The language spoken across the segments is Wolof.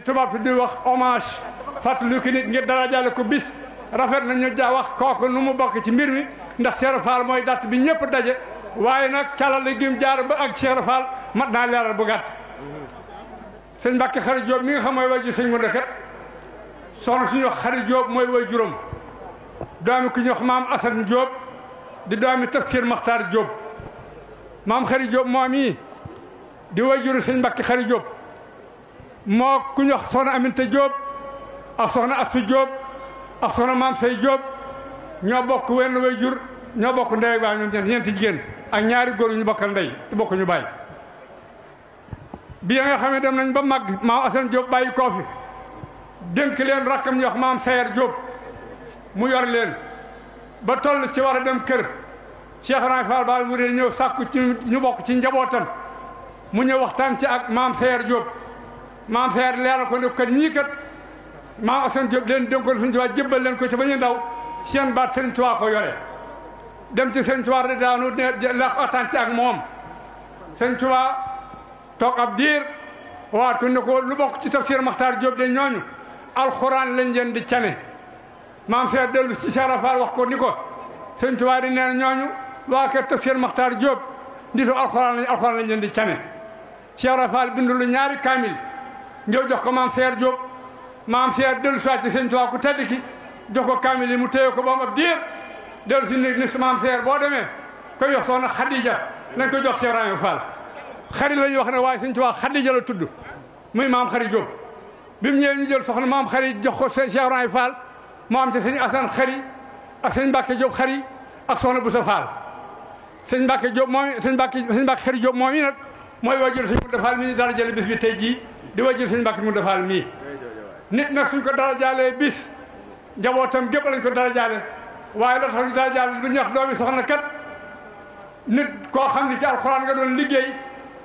li tubaab di wax hommage fàttaliku nit ngir darajaale ko bis rafet na ñu wax kooku nu mu bokk ci mbir mi ndax Cheikh Fall mooy datt bi ñëpp daje waaye nag calal gim jaar ba ak Cheikh Fall mat naa leeral bu gàtt. sëñ Mbacke xarit Diop mi nga xam mooy wajur sëñ Mounda kat soxna suñu wax xarit Diop mooy wajuram doomi ku ñu wax maam Assane Diop di doomi Tafsir Makhtar Diop maam xarit Diop moom yi di wajuru sëñ Mbacke xarit Diop. moo ku ñu wax soxna Aminta Diop ak soxna Astou Diop ak soxna Maam Say Diop ñoo bokk wenn way jur ñoo bokk ndey ak baay ñoom ñeent ñeenti jigéen ak ñaari góor ñu bokkal ndey te bokk ñu baay bi nga xam ne dem nañ ba màgg maam Assane jóob bàyyi koo fi dénk leen rakkam ñu wax maam Sayer Diop mu yor leen ba toll ci war a dem kër Cheikh Rahane Fall Baal mu ñëw sàkku ci ñu bokk ci njabootam mu ñëw waxtaan ci ak maam Sayer Diop. maam Seer leeral ko ne kat ñii kat maam Assane Diop leen dénkoon suñu tubaab jébbal leen ko ci ba ñu ndaw seen baat sëñ Tuubaa ko yore dem ci sëñ Tuubaa daanu ne la waxtaan ci ak moom sëñ Tuubaa toog ab diir waat ko ko lu bokk ci tafsir Maxtaar Diop de ñooñu alxuraan lañ leen di cane maam Seer dellu ci Sarafal wax ko ni ko sëñ Tuubaa di nee ñooñu waa kër tafsir Maxtaar Diop nditu alxuraan lañ alxuraan lañ leen di cane Sarafal bindu lu ñaari ñëw jox ko maam Seer Diop maam Seer dellu soit ci sëñ Tuubaa ku tedd ki jox ko kaamil yi mu téye ko ba mu ab diir dellu si ni maam Seer boo demee koy jox soxna Xadija nañ ko jox Cheikh Ibrahima Fall xari la ñuy wax ne waaye sëñ Tuubaa Xadija la tudd muy maam xari Diop bi mu ñëwee ñu jël soxna maam xari jox ko Cheikh Ibrahima Fall mu am ci sëñ Assane xari a sëñ Mbacke Diop xari ak soxna Boussa Fall sëñ Mbacke Diop moom sëñ Mbacke sëñ Mbacke xari Diop moom yi nag mooy waajur sëñ Boussa Fall mi ñu bis jii di wajjul suñu mbàkk mu defaal mii nit nag suñ ko darajaalee bis njabootam gépp lañ ko darajaale waaye la tax ñu darajaale du ñax doomi soxna kat nit koo xam ne ci alxuraan nga doon liggéey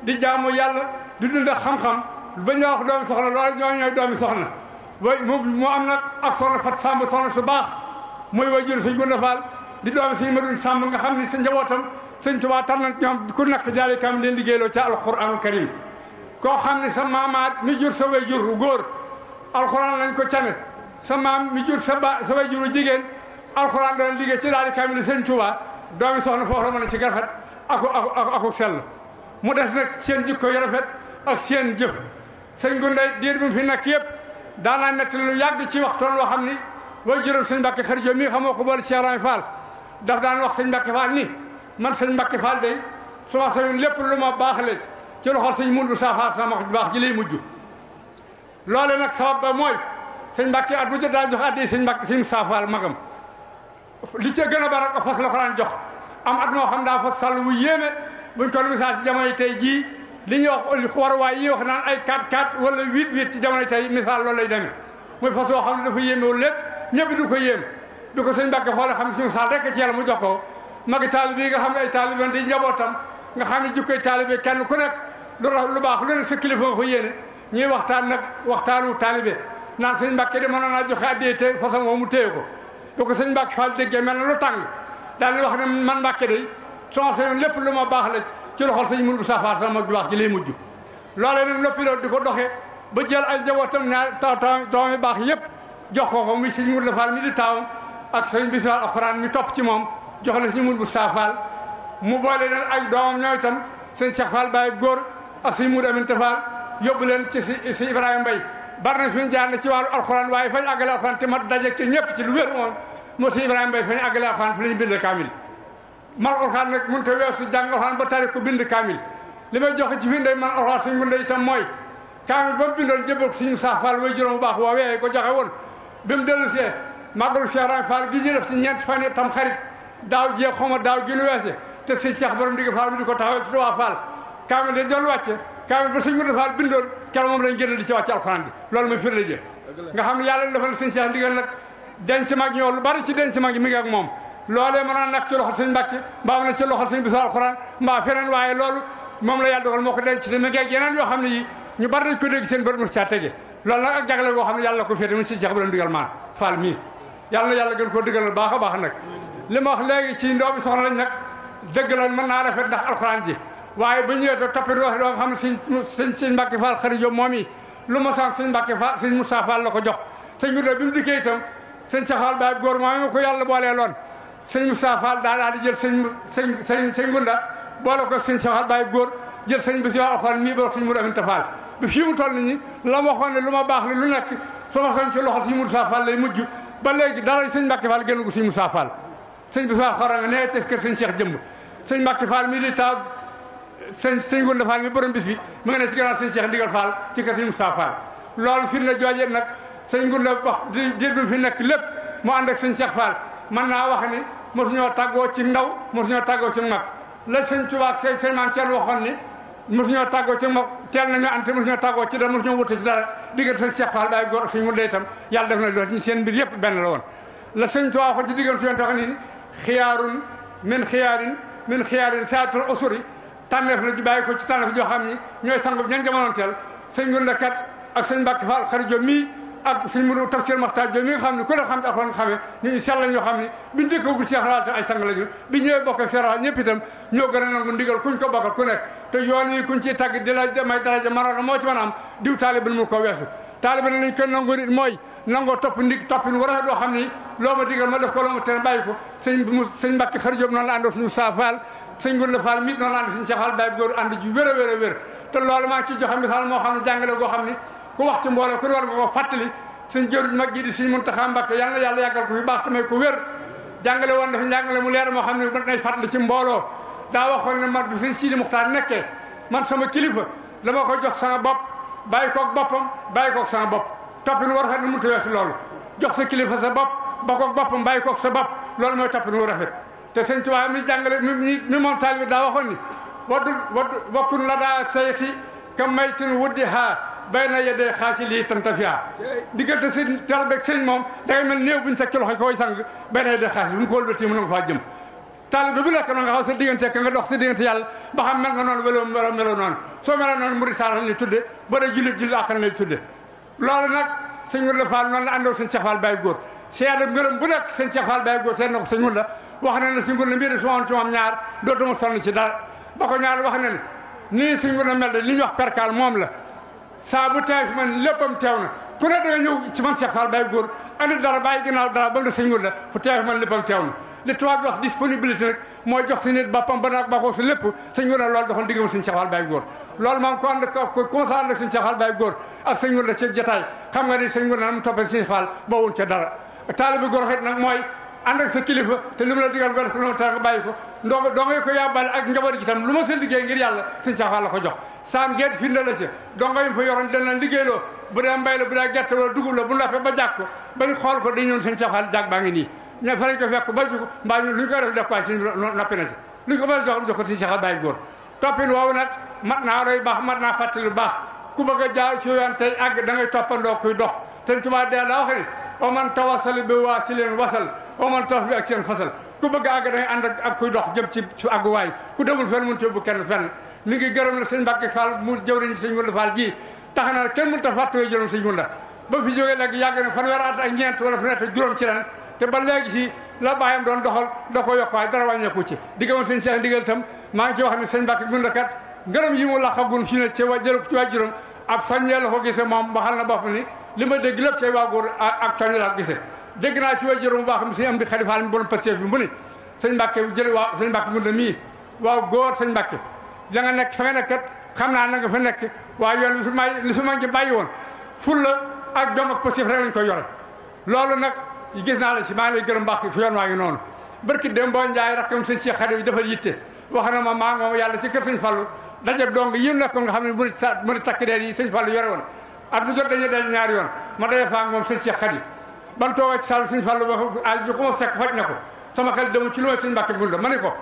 di jaamu yàlla di dund xam-xam ba ñoo wax doomi soxna loolu ñoo ñooy doomi soxna way mu am nag ak soxna fat sàmb soxna su baax muy wajjul suñ ko defaal di doomi suñu madun sàmb nga xam ne sa njabootam sëñ Tuubaa tànn ñoom ku nekk jaali kam leen liggéeyloo ca alxuraanul karim koo xam ne sa maamaat mi jur sa way jur wu góor alxuraan lañ ko cane sa maam mi jur sa ba jur wu jigéen alxuraan dana liggéey ci daal di kaamil sëñ Tuubaa doomi soxna foofu la ci garfet aku aku aku sell mu des nag seen jikko yu rafet ak seen jëf sëñ Gunda diir bi fi nekk yëpp daanaa metti lu yàgg ci waxtoon loo xam ni way juróom sëñ Mbàkke Xarjo mii xamoo ko boole Cheikh Rahim Fall daf daan wax sëñ Mbàkke Fall ni man sëñ Mbàkke Fall day su ma sañoon lépp lu ma baaxle ci loxol sëñ mundu saafaar sama wax ju baax ji lay mujj loole nag sabab ba mooy sëñ mbàkke at bu jot daa jox addi sëñ mbàkke sëñ saafaar magam li ca gën a barak a fas la ko daan jox am at moo xam daa fas sàll wu yéeme buñ ko misaal ci jamono tey jii li ñuy wax waruwaay yi wax naan ay 4-4 wala 8-8 ci jamono tey misaal loolu lay demee muy fas woo xam ne dafa yéemewul lépp ñëpp du ko yéem du ko sëñ mbàkke xoole xam ne suñu saal rek ci yàlla mu jox ko magi taalibe yi nga xam ne ay taalibe di njabootam nga xam ne kenn ku nekk lu raw lu baax lu ne sa kilifa nga ko ñuy waxtaan nag waxtaanu taalibe naan sëñ Mbàkke de mënoon naa joxe addee te façon woo mu téye ko boo ko sëñ Mbàkke Fall déggee mel na lu tàng daal di wax ne man Mbàkke de suma sañoon lépp lu ma baax la ci loxol sëñ Mourou Safaar sama mag ju baax ji lay mujj loolee nag noppi loolu di ko doxee ba jël ay njabootam naa taw taw doom baax yépp jox ko ko muy sëñ Mourou Fall mi di taawam ak sëñ Bisaal Alxuraan mi topp ci moom jox la sëñ bu Safaar mu boole leen ak doomam ñooy itam sëñ Cheikh Fall Baye ak suñ Moudou Amine Tafal yóbbu leen ci si Ibrahima Mbaye bari na suñu ci wàllu alxuraan waaye fañ àggale alxuraan te ma daje ci ci lu wér moom moo si Ibrahima Mbaye fañ àggale alxuraan fi lañu bind kaamil man alxuraan nag mënu ta weesu jàng alxuraan ba tari ko bind kaamil li alxuraan suñ munda itam kaamil ba mu bindoon jëbal suñu saafal way juróom bu baax ko joxe woon bi mu dellu see màggalu Cheikh Ibrahima Fall gi ñu si ñeent fan tam xarit daaw jee gi nu weese si Cheikh borom kaamil dañ doon wàcce kaamil ba sëñ Moustapha bindoon keroog moom lañ jënd di ci wàcce alxuraan bi loolu mooy firnde jë nga xam na yàlla defal sëñ Cheikh ndigal nag denc mag ñoo lu bari ci denc mag mi ngi ak moom loolee mënoon nag ci loxo sëñ Mbàkke mbaa na ci loxo sëñ Bissou alxuraan mbaa feneen waaye loolu moom la yàlla dogal moo ko denc te mi yeneen yoo xam ne yi ñu bari nañ ko dégg seen mu sëñ Cheikh Ibrahima na yàlla gën koo a baax nag waaye bu ñëwee te toppatoo si doom xam ne suñ suñ suñ Mbàkke Fall xarit Jóob moom yi lu ma sant suñ Mbàkke Fall suñ Moussa la ko jox sëñ bi de bi mu dikkee itam sëñ Sa Fall baay góor moom ma ko yàlla boolee loon sëñ Moussa Fall daa daa di jël sëñ sëñ sëñ sëñ Gunda boole ko sëñ Sa góor jël sëñ bi si waa Alxuraan mii boole ko sëñ Mudu Aminta Fall bi fii ne lu ma baax la lu nekk su ma soñ ci loxo sëñ Moussa Fall lay mujj ba léegi dara sëñ Mbàkke Fall génn ko sëñ Moussa Fall sëñ bi si waa Alxuraan nga nee sëñ sëñ Ngounda Fall mi borom bis bi mu nga ne ci gannaaw sëñ Cheikh Ndigal Fall ci kër sëñ Moussa Fall loolu firnde jooje nag sëñ Ngounda wax di bi fi nekk lépp mu ànd ak sëñ Cheikh Fall mën naa wax ni mosuñoo tàggoo ci ndaw mosuñoo tàggoo ci mag la sëñ Tuubaa ak sëñ maam Thierno waxoon ni mosuñoo tàggoo ci mag teel nañu ànd te mosuñoo tàggoo ci dara mosuñoo wute ci dara diggante sëñ Cheikh Fall daay góor sëñ Ngounda itam yàlla def na loolu seen mbir yëpp benn la woon la sëñ Tuubaa waxoon ci diggante yonte wax ni xiyaarun tànneef la ju bàyyi ko ci tànneef joo xam ni ñooy sangub ñan jamonoonteel sëñ Ngunda kat ak sëñ Mbàkke Fall xarit mii ak sëñ Mudu Tafsir Maxtaar Jóob mi a kuñ ko bokkal ku nekk te yoon yi kuñ ciy tàgg di la may daraja maroon moo ci mën a am diw taaliba mu ko weesu taaliba lañ ko nangu nit mooy nangoo topp ndig toppin war a doo xam ni loo digal ma def ko loo ma bàyyi ko sëñ sëñ Mbàkke xarit la àndoo suñu saafaal sëñ Gounda Fall mi noonu ànd suñu Cheikh Fall Baye ji wér a wér a wér te loolu maa ngi ciy joxe misaal moo xam ne jàngale goo xam ni ku wax ci mbooloo ku ne war nga ko fàttali suñ jëruñ mag ji di woon dafa jàngale mu leer moo xam ne mën nay fàttali ci mbooloo daa waxoon ne man bi suñ Sidi Muxtaar nekkee man sama kilifa dama ko jox sama bopp bàyyi koog boppam bàyyi koog sama bopp toppin war xat ni mu tuwee si loolu jox sa kilifa sa bopp ba koog boppam bàyyi koog sa bopp loolu mooy toppin wu rafet te sëñ Tuubaa mi jàngale mi mi moom taalibi daa waxoon ni waddu waddu wakkun la daa sayxi ka maytin wuddi haa bay na yedee xaasi lii tantafiya diggante sëñ taal beeg sëñ moom dangay mel néew buñ sa ci loxo koy sang bay na yedee xaasi bu mu ko wëlbatee mën nga faa jëm taalibe bu noonu nga xam sa diggante ka nga dox sa diggante yàlla ba xam mel nga noonu wala meloo noonu soo meloo noonu murid saa lañ lay tudde ba dee jullit jullit àqal lay tudde loolu nag sëñ Wula Fall noonu la àndoo sëñ Cheikh Fall Baye bu nekk sëñ Cheikh Fall Baye Góor seet wax na ne suñ ne mbir su woon ci moom ñaar dootuma sonn ci dara ba ko ñaar wax na ne nii suñ ko ne mel de li ñu wax perkaal moom la saa bu teew fi man léppam teew na ku ne danga ñëw ci man Cheikh Fall Baye góor andi dara bàyyi ginnaaw dara ba mu def suñ ko ne fu teew fi man léppam teew na li tubaab di wax disponibilité nag mooy jox si nit boppam ba nag ba ko su lépp suñ ko ne loolu doxoon diggam suñ Cheikh Fall Baye góor loolu moom ko ànd ko constat ànd ak suñ Cheikh Fall Baye góor ak ne ci jotaay xam nga ni suñ ko ne mu toppee suñ Fall ba woon ca dara taalibi góor xit am ak sa kilifa te lu mu la digal nga def ko noonu tax nga bàyyi ko ndongo dongo ko yàbbal ak njaboot gi tam lu ma sa liggéey ngir yàlla suñ saafaa la ko jox saam geet firnde la ci dongo yi fa yoroon dañ leen liggéeyloo bu dee mbay la bu dee gerte la bu noppee ba jàkk ko bañ xool ko dañ ñoon suñ saafaa jàkk baa ngi nii ña fa lañ ko fekk ba juko mbaa ñun lu ñu koy def def ko suñ noppi na si lu ñu ko mën a jox jox ko suñ saafaa bàyyi góor naa roy baax mat naa fàttali a jaar ci yoon tey àgg da ngay toppandoo kuy dox te Tuubaa dee la wax omal toos bi ak seen fasal ku bëgg àgg dangay ànd ak kuy dox jëm ci ci àgguwaay ku demul fenn mun bu kenn fenn mi ngi gërëm la sëñ Mbàkke Fall mu jëwriñ sëñ Gunda Fall ji tax na kenn mënut a fàttewee juróom sëñ Gunda ba fi jógee léegi yàgg na fanweer at ak ñeent wala fanweer at juróom ci ren te ba léegi si la bàyyam doon doxal da ko yokk waaye dara wàññeeku ci diggamoon sëñ Cheikh ndigal itam maa ngi ci wax ne sëñ Mbàkke Gunda kat ngërëm yi mu laqagun si ne ci wa jël ko ci na bopp ni li ma dégg lépp cay waa dégg naa ci way juróom bu baax mi sëñ am di xalifaal mi borom Pastef bi mu ne sëñ Mbàkke waa waaw sëñ Mbàkke Ngunda mii waaw góor sëñ Mbàkke da nekk fa nga xam naa na nga fa nekk waaye yoon li su may su ma ngi bàyyi woon fulla ak jom ak Pastef rek lañ koy yore loolu nag naa ci maa ngi lay gërëm baax fi yoon waa ngi noonu barki dem boo njaay rakkam sëñ Cheikh Xadim dafa yitte wax na maa moom yàlla ci kër sëñ Fallu daje xam ne mu ni takk deer yi sëñ Fallu yore woon at mu jot dañuy daje ñaari yoon ma daje fa ak moom sëñ Cheikh Xadim ban toogee ci saal suñu fàllu ba aaj ji ko ma faj na ko sama xel demu ci lu may sëñ Mbàkke Bunda ma ko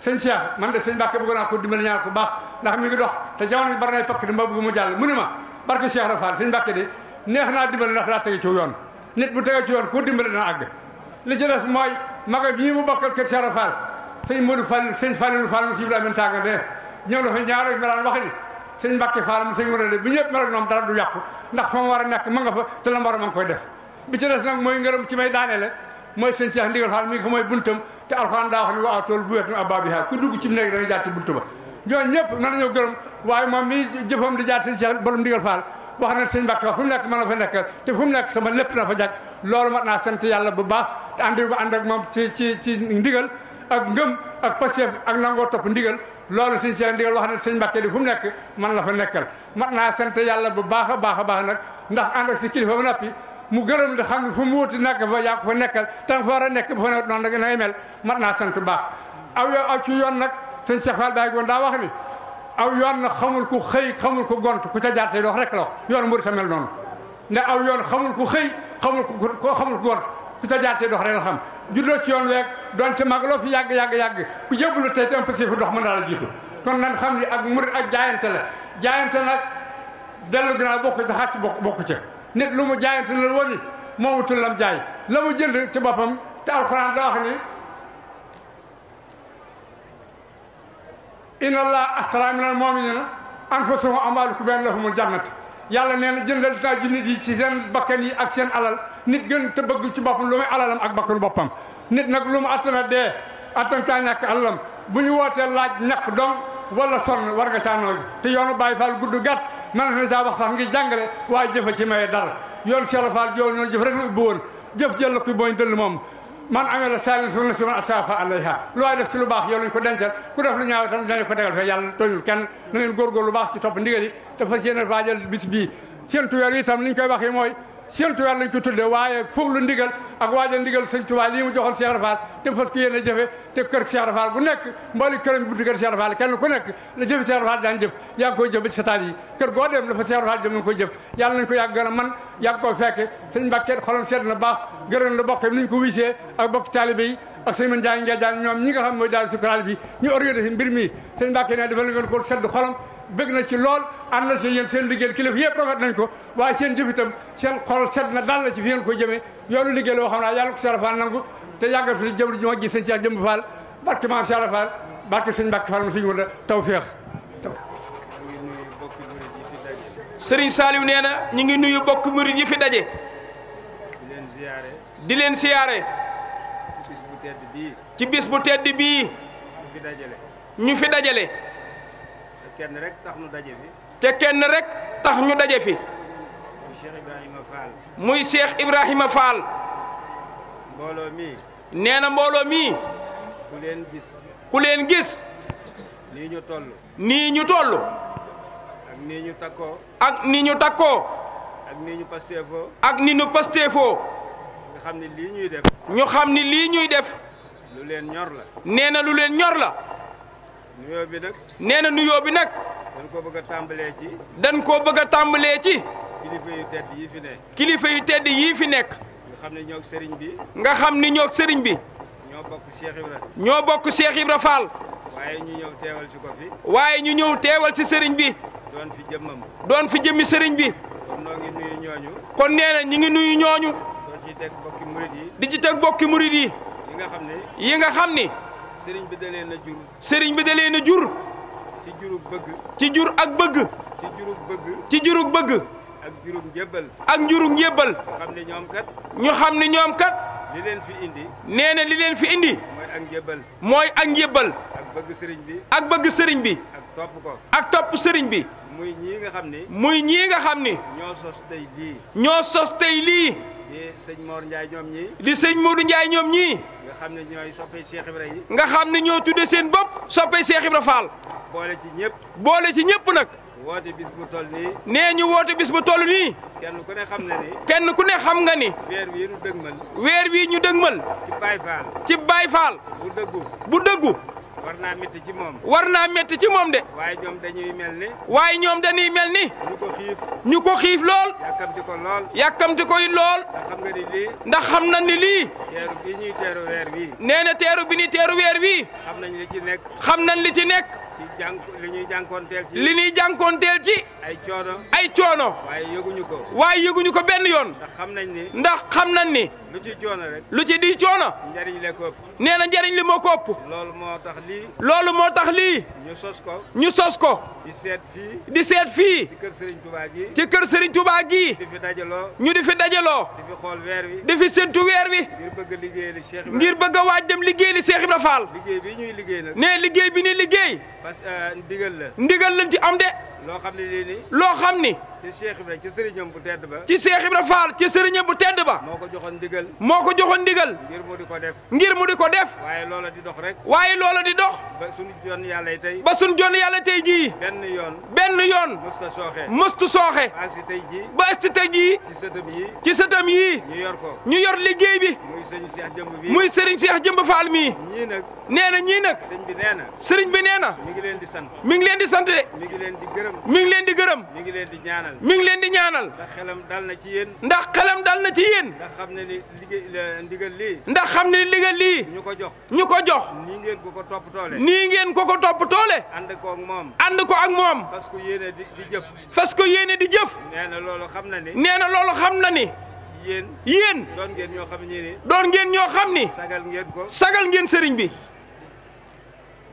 sëñ Cheikh man de sëñ Mbàkke bëgg naa ko dimbali ñaar ko baax ndax mi ngi dox te jamono bari nay di ma bëgg mu jàll mu ma barke Cheikh Ibra Fall sëñ Mbàkke de neex naa dimbali ndax daa tege ci yoon nit bu tege ci yoon koo dimbali dana àgg li ci des mooy maga ñii mu bokkal kër Cheikh Ibra Fall sëñ mu du yàqu ndax fa mu war a nekk ma nga fa def bi ci des nag mooy ngërëm ci may daane la mooy sëñ Cheikh ndigal xaal mi nga xam mooy buntam te alxuraan daa wax ne waa tool bu wetu dugg ci mu nekk dana jaar ci bunt gërëm waaye moom mi jaar sëñ Cheikh borom ndigal faal wax na sëñ Mbàkke wax nekk mën na fa nekkal te fu mu nekk sama lépp na fa jag naa sant yàlla bu baax te ba ànd ak moom ci ci ci ndigal ak ngëm ak pasef ak nangoo topp ndigal loolu sëñ Cheikh ndigal wax na sëñ Mbàkke di fu mu nekk mën na fa nekkal mat naa sant yàlla bu baax a baax a baax nag ndax ànd ak si kilifa ba noppi mu gërëm la xam ne fu mu wuti nekk ba yàgg fa nekkal tam fa war a nekk ba fa nekk noonu la ngay mel mat naa sant baax aw yow aw ci yoon nag sëñ Cheikh Fall Baye Gounda daa wax ni aw yoon na xamul ku xëy xamul ku gont ku ca jaar say dox rek la wax yoon mu mel noonu ndax aw yoon xamul ku xëy xamul ku ko xamul ku gont ca jaar say dox rek la xam juddoo ci yoon weeg doon ci mag loo fi yàgg yàgg yàgg ku jébbalu tey te un peu fu dox mën naa la jiitu kon nan xam ni ak murid ak jaayante la jaayante nag dellu ginnaaw bokk ca xàcc bokk bokk ca nit lu mu jaayante la woni moomutul lam jaay la mu jënd ci boppam te alxuraan da wax ni inna allah astara minal muminina anfusahum amwalukum benn mu jannat yàlla nee na jëndal taa ji nit yi ci seen bakkan yi ak seen alal nit gën te bëgg ci boppam lu muy alalam ak bakkanu boppam nit nag lu mu attana dee attan caa alalam bu ñu wootee laaj ñàkk dong wala sonn war nga caa noonu te yoonu bàyyi faal gudd gàtt man na saa wax sax ngi jàngale waaye a ci maye dara yoon Cheikh Fall yoon ñoo jëf rek lu ubbi woon jëf jël la ko mooy dëll moom man amee la saalin su si man asafa alayha lu waay def ci lu baax yow lañ ko dencal ku def lu ñaaw tam dañu ko tegal fee yàlla tooñul kenn na ngeen góorgóor lu baax ci topp ndigal yi dafa seen waajal bis bii seen tuweer yi itam li ñu koy waxee mooy séentu weer lañ ko tuddee waaye foog lu ndigal ak waajal ndigal sëñ Tuubaa lii mu joxoon Cheikh Rafal te fas ko yéene jëfe te kër Cheikh Rafal bu nekk mbooli këram buntu kër Cheikh Rafal kenn daan jëf yaa ngi jëf ba ci sataat yi kër goo dem la fa Cheikh Rafal jëm nañ jëf yàlla ko yàgg gën a man yàgg koo ak bokk yi ak sëñ man jaay ngee ñoom ñi nga xam mooy daal sukuraal bi ñu organisé mbir mi sëñ Mbàkke ne dafa la ngeen ko sedd xolam bëgg na ci lool ànd na si yéen seen liggéey kilifa yëpp rafet nañ ko waaye seen jëf itam seen xol set na dal na ci fi ngeen ko jëmee yoonu liggéey loo xam naa yàlla ko sarafal nangu te yàggal suñu jëm ji mag ji sëñ Cheikh Jëmb Fall barke maam sarafal barke sëñ Mbàkke Fall ma suñu wër taw féex sëriñ Saliou nee na ñu ngi nuyu bokk murid yi fi daje di leen siyaare ci bis bu tedd bii ñu fi dajale kenn rek tax ñu daje fi. te kenn rek tax ñu daje fi. muy Cheikh Ibrahima Fall. muy Cheikh Ibrahima Fall. mbooloo mii. neena mbooloo mi ku leen gis. ku leen gis. nii ñu toll. ni ñu toll. ak nii ñu takkoo. ak nii ñu takkoo. ak nii ñu pasteefoo. ñu xam ni lii ñuy def. ñu xam ni lii ñuy def. lu leen ñor la. nee na lu leen ñor la. bi nee na nuyoo bi nag. dañ ko bëgg a tàmbalee ci. dañ koo bëgg a tàmbalee ci. kilifa yu tedd yii fi nekk. kilifa yu tedd yii fi nekk. nga xam ne ñoog sëriñ bi. nga xam ni ñoog sëriñ bi. ñoo bokk Cheikh Ibra. ñoo waaye ñu ñëw teewal ci ko fi. waaye ñu ñëw teewal ci sëriñ bi. doon fi fi jëmmi sëriñ bi. kon kon nee na ñu ngi nuyu ñooñu. doon ci teg bokki murid yi. di ci teg bokki murid yi. yi nga xam ni. yi nga xam ni. sëriñ bi da leen a jur. sëriñ bi da a jur. ci jurug bëgg. ci ak bëgg. ci jurug bëgg. ci jurug bëgg. ak jurug njébbal. ak jurug njébbal. ñu xam ni ñoom kat. ñu xam ne ñoom kat. li leen fi indi. nee na li leen fi indi. mooy ak njébbal. mooy ak njébbal. bëgg sëriñ bi. ak bëgg sëriñ bi. ak topp ko. sëriñ bi. muy ñii nga xam ni. muy ñii nga xam ni. ñoo sos tey lii. ñoo sos tey lii. di sëñ Mor Ndiaye ñoom ñii. di sëñ Modou Ndiaye ñoom ñii. nga xam ne ñooy soppee Cheikh Ibra yi. nga xam ne ñoo tuddee seen bopp. soppee Cheikh Ibra Fall. boole ci ñëpp. boole ci ñëpp nag. woote bis bu toll nii. nee ñu woote bis bu toll nii. kenn ku ne xam na ni. kenn ku ne xam nga ni. weer wii ñu dëgmal. weer wii ñu dëgmal. ci Baye Fall. ci Baye Fall. bu dëggu. bu dëggu. war naa métti ci moom. war naa métti ci moom de. waaye ñoom dañuy mel ni. waaye ñoom dañuy mel ni. ñu ko xiif. ñu ko xiif lool. yàkkamti ko lool. lool. ndax xam nga ni lii. ndax xam na ni lii. teeru bi ñuy teeru weer wii. nee na teeru bi ñuy teeru weer wii. xam nañ li ci nekk. xam nañ li ci nekk. ci li ñuy jànkoonteel ci. li ñuy jànkoonteel ci. ay coono. ay coono. waaye yëguñu ko. waaye yeguñu ko benn yoon. ndax xam nañ ni. ndax xam nañ ni. lu ci coono rek. lu di coono. ko ëpp. nee na njariñ li moo ko ëpp. loolu moo tax lii. loolu moo tax lii. ñu sos ko. ñu sos ko. di seet fii. di seet fii. ci kër Serigne Touba gii. ci kër Serigne Touba gii. ñu di fi dajaloo. di fi xool weer wi. di fi séntu weer wi. ngir bëgg a liggéey li Cheikh Ibrahima. a waaj dem liggéey li Cheikh Ibra Fall. bi ñuy liggéey nag. nee liggéey bi ñuy liggéey. parce que euh, ndigal la. ndigal lañ ci am de. loo xam ne lii nii. loo xam ni. ci Cheikh Ibrahima ci sëriñam bu tedd ba. moo ko joxoon ndigal. ngir mu di ko def. ngir mu di ko def. waaye loola di dox rek. waaye loola di dox. ba sunu jon yàlla tey. ba sunu jon tey jii. benn yoon. benn yoon. mësta sooxe. mëstu sooxe. ba si tey jii. ba jii. ci sëtam yii. ci sëtam yii. ñu yor ñu yor liggéey bi. muy sëriñ Cheikh Jëmb bi. muy sëriñ Cheikh Jëmb Fall mii. ñii nag. nee na ñii nag. sëriñ bi nee na. sëriñ bi nee na. mi ngi leen di sant. mi ngi leen di sant de. mi ngi leen di gërëm. mi ngi leen di gërëm. mi ngi leen di ñaanal. mi ngi leen di ñaanal. ndax xelam dal na ci yéen. ndax xelam dal na ci yéen. xam na ni liggéey ndigal lii. ndax xam ne liggéey lii. ñu ko jox ñu ko jox. nii ngeen ko ko topp toole. nii ngeen ko ko topp toole. ànd ko ak moom. ànd ko ak moom. fas ko yéene di di jëf. fas ko yéene di jëf. nee na xam na ni. nee na loolu xam na ni. yéen. yéen. doon ngeen ñoo xam ne. doon ngeen ñoo xam ni. sagal ngeen ko. sagal ngeen sëriñ bi.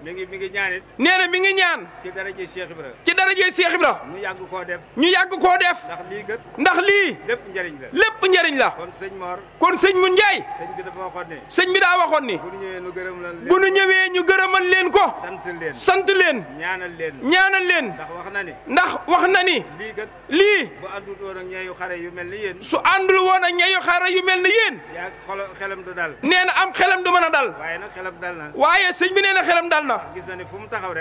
mi ngi mi ngi ñaan ci daraje Cheikh ci daraje Cheikh ñu yàgg koo def. ñu yàgg koo def. ndax lii gët. ndax lii. lépp njëriñ la. lépp njëriñ la. kon sëñ Mor. kon sëñ Mu Njaay. sëñ bi dafa waxoon ni. sëñ bi daa waxoon ni. bu nu ñëwee ñu gërëmal leen. bu nu ñëwee ñu leen ko. sant leen. sant leen. ñaanal leen. ñaanal leen. ndax wax na ni. ndax wax na ni. lii gët. lii. bu àndul woon ak ñeeyu yu mel ni yéen. su àndul woon ak ñeeyu xare yu mel ni yéen. yaa xelam du am xelam du mën a dal. waaye dal na. sëñ bi nee na dal na. ndax gis na ne fu mu taxaw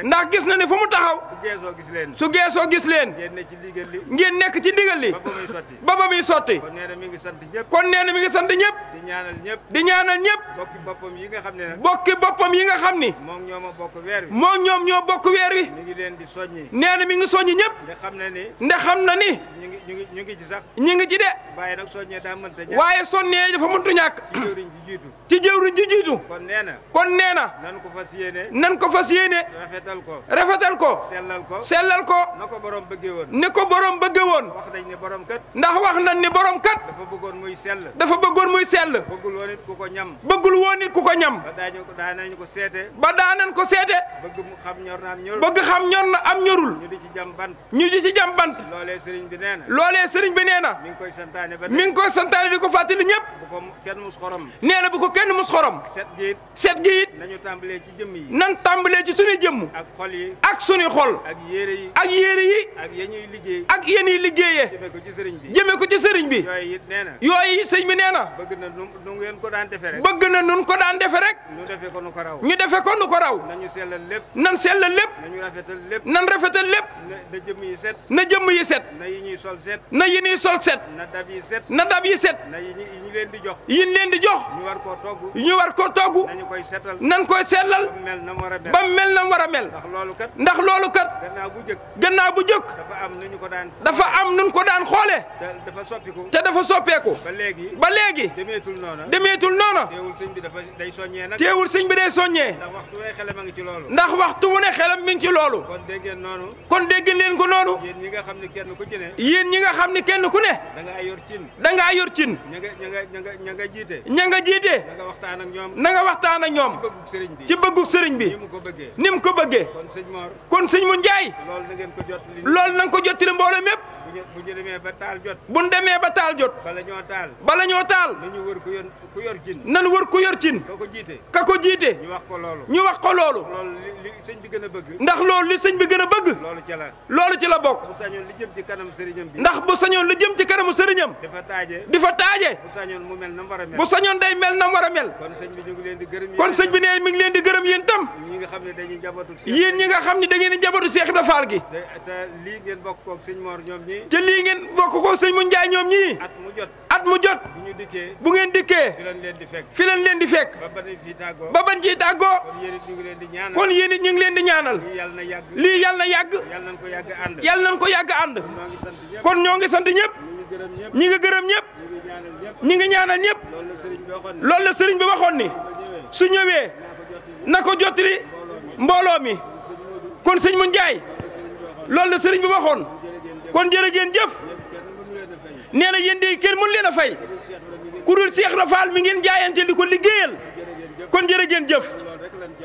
na ne fu mu taxaw. su geesoo gis leen. su geesoo gis leen. ngeen nekk ci ndigal li. ngeen kon nee na mi ngi ñu ngi ñu ngi ñu ngi ci de. waaye nag soññee daa mënta ñàkk. waaye soññee dafa mënta ñàkk. ci jëwriñ ji jiitu. ci jëwriñ ji jiitu. kon nan ko fas yéene. nan nañ ko fas yéene. rafetal ko rafetal ko. sellal ko sellal ko. ne ko borom bëggee woon ne ko borom bëggee woon. nañ ne borom kat. ndax wax nañ ne borom kat. dafa bëggoon muy sell. dafa bëggoon muy sell. bëggul woon ku ko ñam. bëggul woon it ku ko ñam. ba daañu ko daanañ ko seete. ba daanañ ko seete. bëgg mu xam ñor na am ñorul. bëgg xam ñor na am ñorul. ñu di ci jam bant. ñu di ci jam bant. loolee sëriñ bi nee na. loolee sëriñ bi nee na. mi ngi koy santaane ba tey mi ngi koy santaane di ko fàttali ñëpp. bu ko kenn mus xorom. ne na bu ko kenn mus xorom. set gi it set gi nañu tàmbalee ci jëmm yi tàmbalee ci suñu jëmm. ak xol yi xol. ak yére yi ak yére yi. ak yéen ñuy liggéey. ak yéen ñuy liggéeyee. jëmee ko ci sëriñ bi jëmee ko ci sëriñ bi. yooyu it nee na. yooyu sëñ bi nee na. bëgg na nu ko daan defee rek. bëgg na nun ko daan defee rek. ñu defee ko nu ko raw. ñu defee ko nu ko raw. nañu sellal lépp. nan sellal lépp. nan rafetal lépp. na jëmm yi set. na jëmm yi set. na yi ñuy sol set. na yi ñuy sol set. na dab yi set. na dab yi set. yi ñu leen di jox. yi ñu leen di jox. ñu war koo togg. ñu war koo togg. nañ koy sellal. ba mu mel na mu war a mel. ndax loolu kat. gannaaw bu jëkk gannaaw bu jëkk. dafa am nu ñu ko daan dafa am nu ko daan xoolee. te dafa soppiku. te dafa soppeeku. ba léegi ba léegi. demeetul noona demeetul noona. teewul sëñ bi dafa day soññee nag. teewul sëñ bi day soññee. ndax waxtu wu ne xelam ci loolu. ndax waxtu wu ne xelam mi ci loolu. kon dégg ngeen noonu. kon dégg ngeen ko noonu. yéen ñi nga xam ne kenn ku ci ne. yéen ñi nga xam ne kenn ku ne. da yor cin. da ngaa yor cin. ña nga ña nga ña nga jiite. ña nga jiite. na waxtaan ak ñoom. ci bëggug sëriñ bi mu ko bëggee. ni mu ko bëggee. kon sëñ Mor. kon sëñ mu Njaay. loolu na ngeen ko jot loolu na nga ko jottali mbooloo mépp. bu ñu demee ba taal jot. bu ñu demee ba taal jot. bala ñoo taal. bala ñoo taal. nañu wër ku yor ku yor cin. nañu wër ku yor cin. ka ko jiite. ka ko jiite. ñu wax ko loolu. ñu wax ko loolu. loolu bi gën a bëgg. ndax loolu li sëñ bi gën a bëgg. loolu ci la. loolu ci la bokk. bu sañoon li jëm ci kanam sëriñam bi. ndax bu sañoon li jëm ci kanamu sëriñam. di fa taaje. di fa taaje. bu sañoon mu mel na mu war a mel. bu sañoon day mel na mu war kon sëñ bi ñu ngi leen di gërëm yéen itam. ñi nga xam ne dañuy njabootu yéen ñi nga xam ne da ngeen di njabootu Cheikh Ibra Fall gi te lii ngeen bokk koog sëñ bokk koog sëñ mu Njaay ñoom ñii at mu jot at mu jot bu ñu dikkee bu ngeen dikkee fi leen leen di fekk fi leen leen di fekk ba ban ciy tàggoo ba ban ciy tàggoo kon yéen it ñu ngi leen di ñaanal kon ñu ngi leen di ñaanal lii yàlla na yàgg yàlla nañ ko yàgg ànd yàlla nañ ko yàgg ànd kon ñoo ngi sant ñëpp ñi ngi gërëm ñëpp ñi ngi ñaanal ñëpp loolu la sëriñ bi waxoon ni su ñëwee na ko jottali mbooloo mi kon sëñ Modou Ndiaye loolu la sëriñ bi waxoon kon jërëjëen jëf nee na yéen de kenn mënu leen a fay ku dul Cheikh Rafal mi ngeen jaayante li ko liggéeyal kon jërëjëen jëf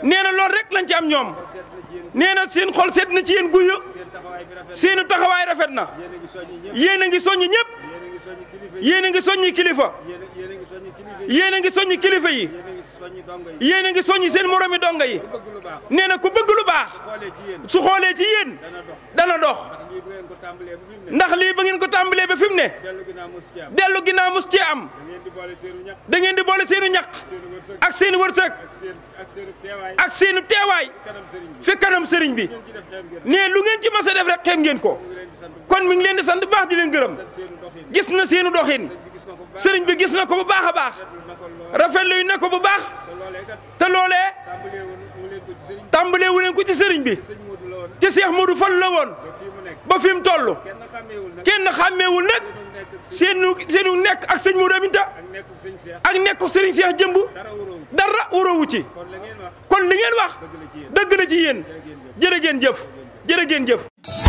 nee na loolu rek lañ ci am ñoom nee na seen xol seet na ci yéen guyu seenu taxawaay rafet na yéen a ngi soññ ñëpp yéen a ngi soññi kilifa yéen a ngi soññi kilifa yi yéen a ngi soññi seen moromi donga yi nee na ku bëgg lu baax su xoolee ci yéen dana dox ndax lii ba ngeen ko tàmbalee ba fi mu ne dellu ginnaaw mos cee am da ngeen di boole seenu ñaq ak seen wërsëg ak seenu teewaay fi kanam sëriñ bi nee lu ngeen ci mas a def rek xem ngeen ko kon mi ngi leen di sant baax di leen gërëm gis na seenu doxin sëriñ bi gis na ko bu baax a baax rafetlu na ko bu baax te loolee tàmbalee leen ko ci sëriñ bi ci Seex Moodu Fall la woon ba fi mu toll kenn xàmmeewul nag seenu seenu nekk ak sëñ Moodu Aminta ak nekku sëriñ Seex jëmb dara wóoroowu ci kon li ngeen wax dëgg la ci yéen jërë ngeen jëf jërë ngeen jëf